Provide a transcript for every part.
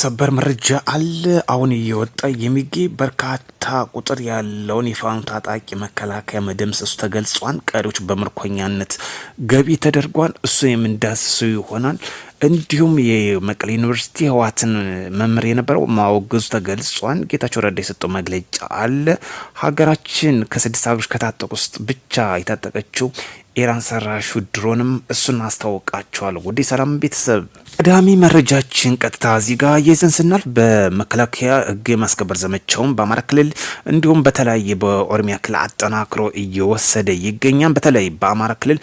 ሰበር መረጃ አለ። አሁን እየወጣ የሚገኝ በርካታ ቁጥር ያለውን የፋኖ ታጣቂ መከላከያ መደምሰሱ ተገልጿል። ቀሪዎች በምርኮኛነት ገቢ ተደርጓል። እሱ የምንዳስሰው ይሆናል። እንዲሁም የመቀሌ ዩኒቨርሲቲ ህወሓትን መምህር የነበረው ማወገዙ ተገልጿል። ጌታቸው ረዳ የሰጠው መግለጫ አለ። ሀገራችን ከስድስት ሀገሮች ከታጠቁ ውስጥ ብቻ የታጠቀችው ኢራን ሰራሹ ድሮንም እሱን አስታወቃቸዋል። ወደ ሰላም ቤተሰብ ቀዳሚ መረጃችን ቀጥታ እዚህ ጋር ይዘን ስናልፍ በመከላከያ ህግ የማስከበር ዘመቻውን በአማራ ክልል እንዲሁም በተለያየ በኦሮሚያ ክልል አጠናክሮ እየወሰደ ይገኛል። በተለይ በአማራ ክልል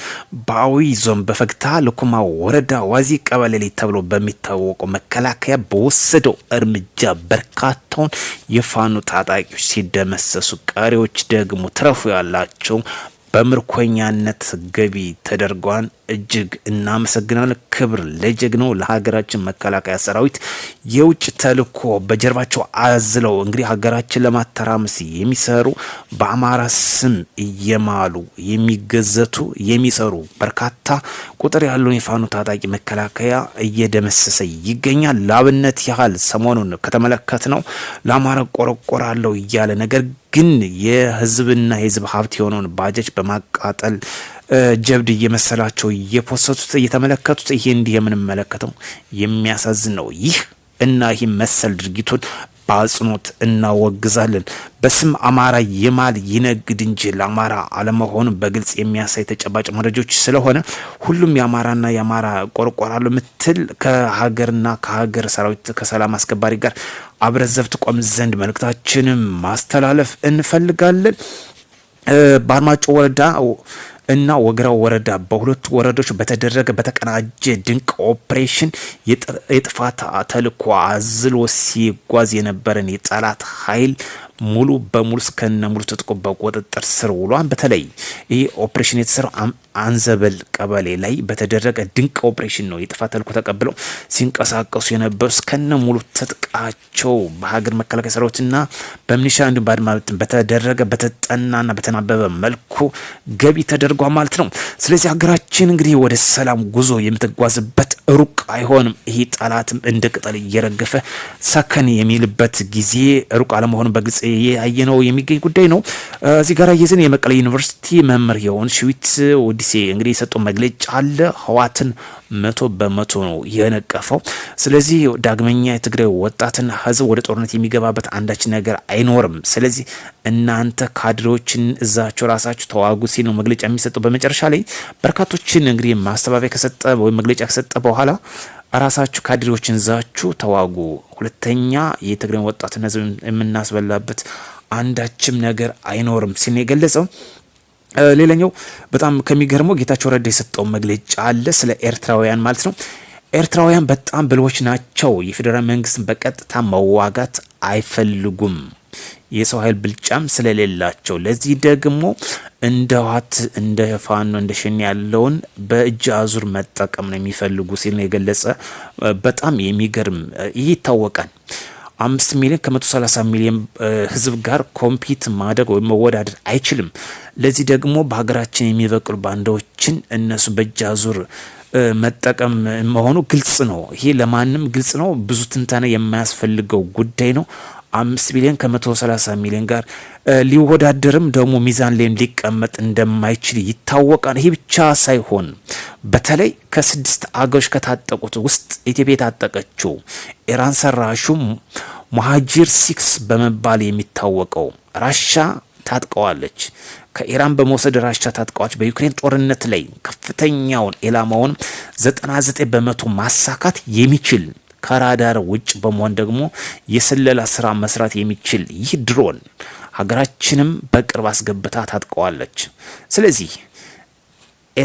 በአዊ ዞን በፈግታ ልኩማ ወረዳ ዋዚ ቀበሌ ተብሎ በሚታወቀው መከላከያ በወሰደው እርምጃ በርካታውን የፋኑ ታጣቂዎች ሲደመሰሱ፣ ቀሪዎች ደግሞ ትረፉ ያላቸው በምርኮኛነት ገቢ ተደርጓን እጅግ እናመሰግናለን። ክብር ለጀግናው ለሀገራችን መከላከያ ሰራዊት የውጭ ተልኮ በጀርባቸው አዝለው እንግዲህ ሀገራችን ለማተራመስ የሚሰሩ በአማራ ስም እየማሉ የሚገዘቱ የሚሰሩ በርካታ ቁጥር ያለውን የፋኖ ታጣቂ መከላከያ እየደመሰሰ ይገኛል። ለአብነት ያህል ሰሞኑን ከተመለከት ነው ለአማራ ቆረቆራለሁ እያለ ነገር ግን የህዝብና የህዝብ ሀብት የሆነውን ባጃጅ በማቃጠል ጀብድ እየመሰላቸው እየፖሰቱት እየተመለከቱት ይሄ እንዲህ የምንመለከተው የሚያሳዝን ነው። ይህ እና ይህ መሰል ድርጊቱን በአጽንኦት እናወግዛለን። በስም አማራ ይማል ይነግድ እንጂ ለአማራ አለመሆኑ በግልጽ የሚያሳይ ተጨባጭ መረጃዎች ስለሆነ ሁሉም የአማራና የአማራ ቆርቆራሉ ምትል ከሀገርና ከሀገር ሰራዊት ከሰላም አስከባሪ ጋር አብረዘብት ቆም ዘንድ መልእክታችንም ማስተላለፍ እንፈልጋለን። በአርማጭሆ ወረዳ እና ወግራው ወረዳ በሁለቱ ወረዶች በተደረገ በተቀናጀ ድንቅ ኦፕሬሽን የጥፋት ተልኮ አዝሎ ሲጓዝ የነበረን የጠላት ኃይል ሙሉ በሙሉ እስከነ ሙሉ ትጥቁ በቁጥጥር ስር ውሏን። በተለይ ይህ ኦፕሬሽን የተሰራው አንዘበል ቀበሌ ላይ በተደረገ ድንቅ ኦፕሬሽን ነው። የጥፋት ተልዕኮ ተቀብለው ሲንቀሳቀሱ የነበሩ እስከነ ሙሉ ትጥቃቸው በሀገር መከላከያ ሰራዊትና በምኒሻ እንዲሁም በአድማ በተደረገ በተጠናና በተናበበ መልኩ ገቢ ተደርጓል ማለት ነው። ስለዚህ ሀገራችን እንግዲህ ወደ ሰላም ጉዞ የምትጓዝበት ሩቅ አይሆንም። ይህ ጠላትም እንደ ቅጠል እየረገፈ ሰከን የሚልበት ጊዜ ሩቅ አለመሆኑን በግልጽ ያየ ነው የሚገኝ ጉዳይ ነው። እዚህ ጋር የዝን የመቀሌ ዩኒቨርሲቲ መምህር የሆን ሽዊት ወዲሴ እንግዲህ የሰጠው መግለጫ አለ ህዋትን መቶ በመቶ ነው የነቀፈው። ስለዚህ ዳግመኛ የትግራይ ወጣትና ህዝብ ወደ ጦርነት የሚገባበት አንዳች ነገር አይኖርም። ስለዚህ እናንተ ካድሬዎችን እዛቸው ራሳችሁ ተዋጉ ሲል ነው መግለጫ የሚሰጠው። በመጨረሻ ላይ በርካቶችን እንግዲህ ማስተባበያ ከሰጠ ወይም መግለጫ ከሰጠ በኋላ ራሳችሁ ካድሬዎችን እዛችሁ ተዋጉ፣ ሁለተኛ የትግራይ ወጣትን ህዝብ የምናስበላበት አንዳችም ነገር አይኖርም ሲል ነው የገለጸው። ሌላኛው በጣም ከሚገርመው ጌታቸው ረዳ የሰጠው መግለጫ አለ ስለ ኤርትራውያን ማለት ነው። ኤርትራውያን በጣም ብልሆች ናቸው። የፌዴራል መንግስትን በቀጥታ መዋጋት አይፈልጉም። የሰው ኃይል ብልጫም ስለሌላቸው ለዚህ ደግሞ እንደ ህወሓት እንደ ፋኖ እንደ ሸኔ ያለውን በእጅ አዙር መጠቀም ነው የሚፈልጉ ሲል ነው የገለጸ። በጣም የሚገርም ይህ ይታወቃል። አምስት ሚሊዮን ከመቶ ሰላሳ ሚሊዮን ህዝብ ጋር ኮምፒት ማድረግ ወይም መወዳደር አይችልም። ለዚህ ደግሞ በሀገራችን የሚበቅሉ ባንዳዎችን እነሱ በእጅ አዙር መጠቀም መሆኑ ግልጽ ነው። ይሄ ለማንም ግልጽ ነው። ብዙ ትንተና የማያስፈልገው ጉዳይ ነው። አምስት ቢሊዮን ከ130 ሚሊዮን ጋር ሊወዳደርም ደግሞ ሚዛን ላይም ሊቀመጥ እንደማይችል ይታወቃል። ይህ ብቻ ሳይሆን በተለይ ከስድስት አገሮች ከታጠቁት ውስጥ ኢትዮጵያ የታጠቀችው ኢራን ሰራሹ ሙሃጂር ሲክስ በመባል የሚታወቀው ራሻ ታጥቀዋለች። ከኢራን በመውሰድ ራሻ ታጥቀዋች በዩክሬን ጦርነት ላይ ከፍተኛውን ኢላማውን 99 በመቶ ማሳካት የሚችል ከራዳር ውጭ በመሆን ደግሞ የስለላ ስራ መስራት የሚችል ይህ ድሮን ሀገራችንም በቅርብ አስገብታ ታጥቀዋለች። ስለዚህ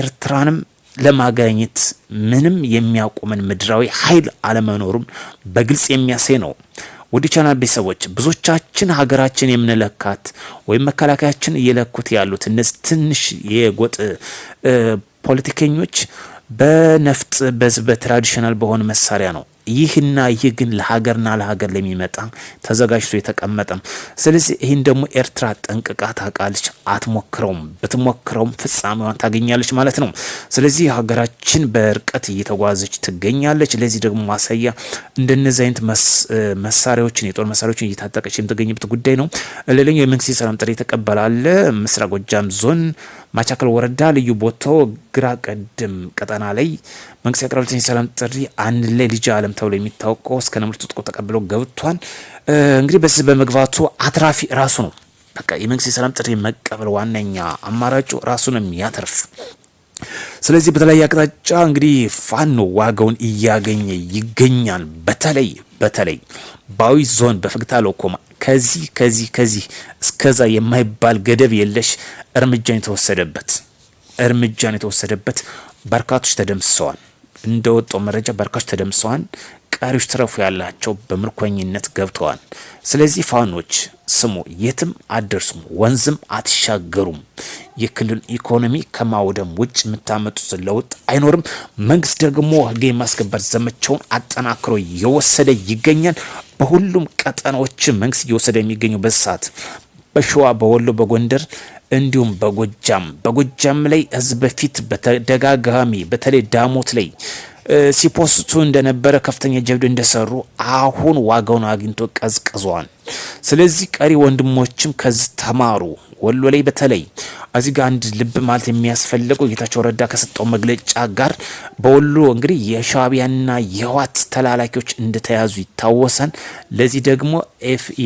ኤርትራንም ለማገኘት ምንም የሚያቆመን ምድራዊ ኃይል አለመኖሩም በግልጽ የሚያሳይ ነው። ወደ ቻናል ቤተሰቦች ብዙዎቻችን ሀገራችን የምንለካት ወይም መከላከያችን እየለኩት ያሉት እነዚህ ትንሽ የጎጥ ፖለቲከኞች በነፍጥ በዚህ በትራዲሽናል በሆነ መሳሪያ ነው። ይህና ይህ ግን ለሀገርና ለሀገር ለሚመጣ ተዘጋጅቶ የተቀመጠ ነው። ስለዚህ ይህን ደግሞ ኤርትራ ጠንቅቃ ታውቃለች። አትሞክረውም፣ ብትሞክረውም ፍጻሜዋን ታገኛለች ማለት ነው። ስለዚህ ሀገራችን በርቀት እየተጓዘች ትገኛለች። ለዚህ ደግሞ ማሳያ እንደነዚህ አይነት መሳሪያዎችን የጦር መሳሪያዎችን እየታጠቀች የምትገኝበት ጉዳይ ነው። ሌላኛው የመንግስት የሰላም ጥሪ ተቀበላለ ምስራቅ ጎጃም ዞን ማቻከል ወረዳ ልዩ ቦታው ግራ ቀድም ቀጠና ላይ መንግስት ያቀረበለትን የሰላም ጥሪ አንድ ላይ ልጅ አለም ተብሎ የሚታወቀው እስከ ነምር ትጥቆ ተቀብሎ ገብቷል። እንግዲህ በዚህ በመግባቱ አትራፊ ራሱ ነው። በቃ የመንግስት የሰላም ጥሪ መቀበል ዋነኛ አማራጩ ራሱን የሚያተርፍ ስለዚህ በተለያየ አቅጣጫ እንግዲህ ፋኖ ዋጋውን እያገኘ ይገኛል። በተለይ በተለይ በአዊ ዞን በፈግታ ለኮማ ከዚህ ከዚህ ከዚህ እስከዛ የማይባል ገደብ የለሽ እርምጃን የተወሰደበት እርምጃን የተወሰደበት በርካቶች ተደምስሰዋል። እንደወጣው መረጃ በርካቶች ተደምስሰዋል። ቀሪዎች ትረፉ ያላቸው በምርኮኝነት ገብተዋል። ስለዚህ ፋኖች ስሙ፣ የትም አደርሱም፣ ወንዝም አትሻገሩም። የክልል ኢኮኖሚ ከማውደም ውጭ የምታመጡት ለውጥ አይኖርም። መንግስት ደግሞ ህግ የማስከበር ዘመቻውን አጠናክሮ የወሰደ ይገኛል። በሁሉም ቀጠናዎች መንግስት እየወሰደ የሚገኘው በሰዓት በሸዋ፣ በወሎ፣ በጎንደር እንዲሁም በጎጃም በጎጃም ላይ ህዝብ በፊት በተደጋጋሚ በተለይ ዳሞት ላይ ሲፖስቱ እንደነበረ ከፍተኛ ጀብድ እንደሰሩ አሁን ዋጋውን አግኝቶ ቀዝቅዟል። ስለዚህ ቀሪ ወንድሞችም ከዚህ ተማሩ። ወሎ ላይ በተለይ እዚህ ጋር አንድ ልብ ማለት የሚያስፈልገው ጌታቸው ረዳ ከሰጠው መግለጫ ጋር በወሎ እንግዲህ የሻቢያና የህዋት ተላላኪዎች እንደተያዙ ይታወሳል። ለዚህ ደግሞ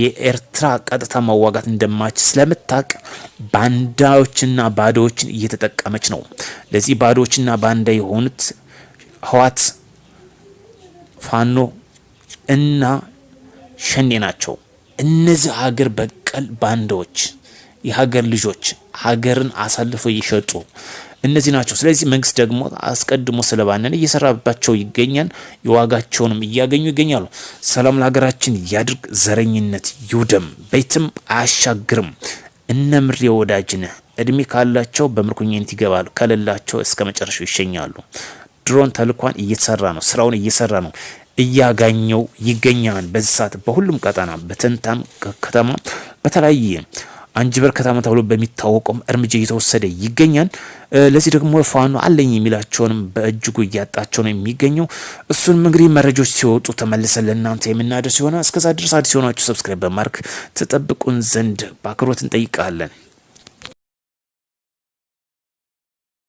የኤርትራ ቀጥታ መዋጋት እንደማች ስለምታቅ ባንዳዎችና ባዶዎችን እየተጠቀመች ነው። ለዚህ ባዶዎችና ባንዳ የሆኑት ህዋት ፋኖ እና ሸኔ ናቸው። እነዚህ ሀገር በቀል ባንዳዎች የሀገር ልጆች ሀገርን አሳልፈው እየሸጡ እነዚህ ናቸው። ስለዚህ መንግስት ደግሞ አስቀድሞ ስለባነነ እየሰራባቸው ይገኛል። የዋጋቸውንም እያገኙ ይገኛሉ። ሰላም ለሀገራችን ያድርግ። ዘረኝነት ይውደም፣ ቤትም አያሻግርም። እነ ምሬ ወዳጅነህ እድሜ ካላቸው በምርኮኝነት ይገባሉ፣ ከሌላቸው እስከ መጨረሻው ይሸኛሉ። ድሮን ተልኳን እየተሰራ ነው፣ ስራውን እየሰራ ነው። እያገኘው ይገኛል። በዚህ ሰዓት በሁሉም ቀጠና በተንታም ከተማ በተለያየ አንጅበር ከተማ ተብሎ በሚታወቀውም እርምጃ እየተወሰደ ይገኛል። ለዚህ ደግሞ ፋኖ አለኝ የሚላቸውንም በእጅጉ እያጣቸው ነው የሚገኘው። እሱንም እንግዲህ መረጃዎች ሲወጡ ተመልሰን ለእናንተ የምናደርስ ሲሆነ እስከዛ ድረስ አዲስ የሆናችሁ ሰብስክራይብ በማድረግ ተጠብቁን ዘንድ በአክብሮት እንጠይቃለን።